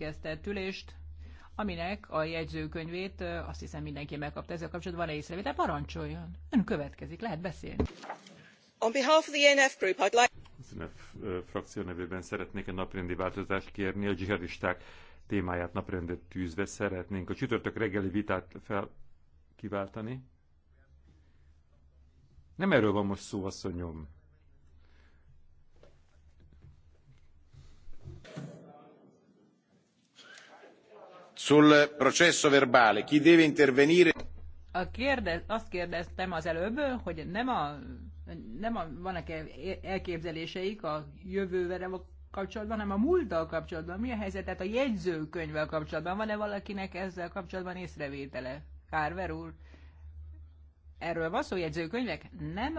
felfüggesztett ülést, aminek a jegyzőkönyvét azt hiszem mindenki megkapta. Ezzel kapcsolatban van-e észrevétel? Parancsoljon! Ön következik, lehet beszélni. On behalf of the ENF group, I'd like... Az ENF frakció nevében szeretnék egy naprendi változást kérni a dzsihadisták témáját naprendet tűzve szeretnénk a csütörtök reggeli vitát fel kiváltani. Nem erről van most szó, asszonyom. sul processo verbale chi deve intervenire a azt kérdeztem az előbb, hogy nem a, nem a, vannak-e elképzeléseik a jövővel kapcsolatban, hanem a múlttal kapcsolatban. Mi a helyzet? Tehát a jegyzőkönyvvel kapcsolatban van-e valakinek ezzel kapcsolatban észrevétele? Carver úr, erről van szó jegyzőkönyvek? Nem